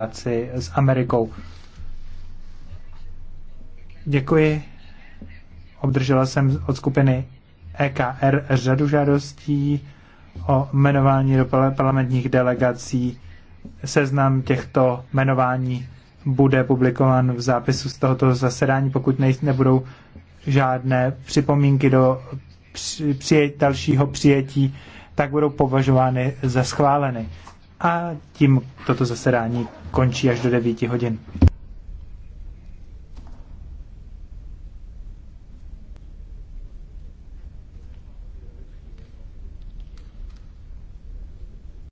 spolupráci s Amerikou. Děkuji. Obdržela jsem od skupiny EKR řadu žádostí o jmenování do parlamentních delegací. Seznam těchto jmenování bude publikován v zápisu z tohoto zasedání, pokud nejsou nebudou žádné připomínky do při- při, dalšího přijetí, tak budou považovány za schváleny a tím toto zasedání končí až do 9 hodin.